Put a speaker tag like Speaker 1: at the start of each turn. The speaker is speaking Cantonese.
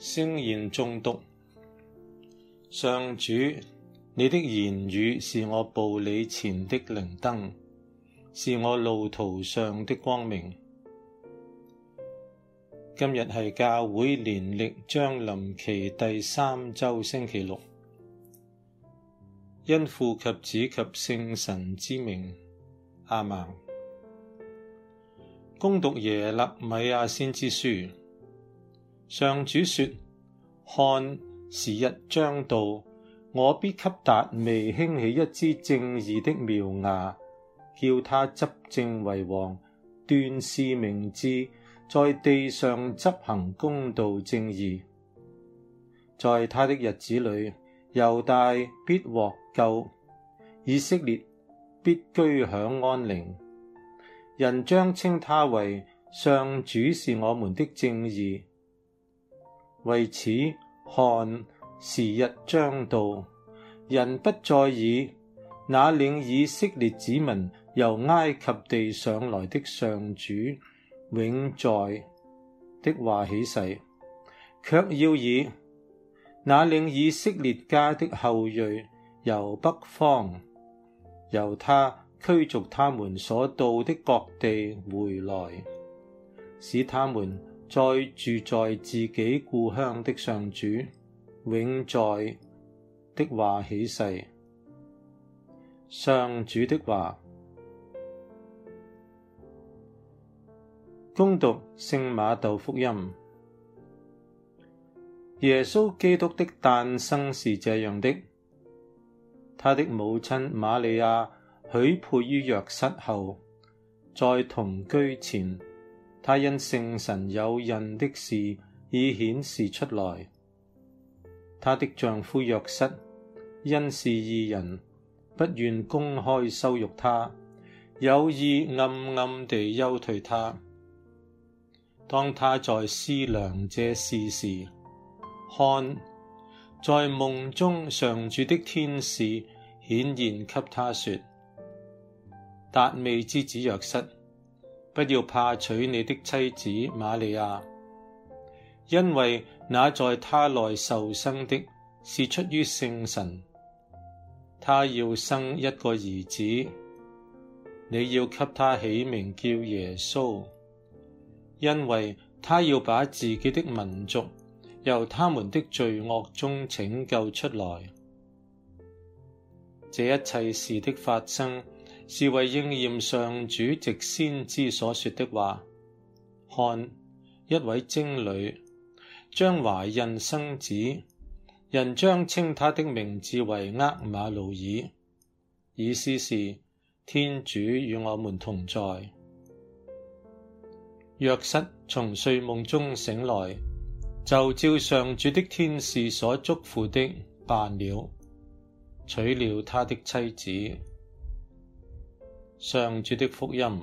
Speaker 1: 聖言誦讀，上主，你的言語是我步履前的靈燈，是我路途上的光明。今日係教會年曆將臨期第三周星期六，因父及子及聖神之名，阿門。恭讀耶肋米亞先知書。上主說：看，時日將到，我必給達味興起一支正義的苗芽，叫他執政為王，斷事明智，在地上執行公道正義。在他的日子裡，猶大必獲救，以色列必居享安寧。人將稱他為上主，是我們的正義。為此，看時日將到，人不再以那領以色列子民由埃及地上來的上主，永在的話起誓，卻要以那領以色列家的後裔，由北方，由他驅逐他們所到的各地回來，使他們。再住在自己故鄉的上主，永在的話起誓，上主的話。恭讀《聖瑪竇福音》，耶穌基督的誕生是這樣的，他的母親瑪利亞許配於若瑟後，在同居前。他因聖神有孕的事已顯示出來，她的丈夫若瑟，因是義人，不願公開羞辱她，有意暗暗地休退她。當她在思量這事時，看，在夢中上主的天使顯現給她說：達味之子若瑟。不要怕娶你的妻子瑪利亞，因為那在她內受生的是出於聖神。她要生一個兒子，你要給他起名叫耶穌，因為他要把自己的民族由他們的罪惡中拯救出來。這一切事的發生。是為應驗上主藉先知所說的話。看，一位貞女將懷孕生子，人將稱他的名字為厄瑪奴耳，意思是天主與我們同在。若瑟從睡夢中醒來，就照上主的天使所囑咐的辦了，娶了他的妻子。上主的福音。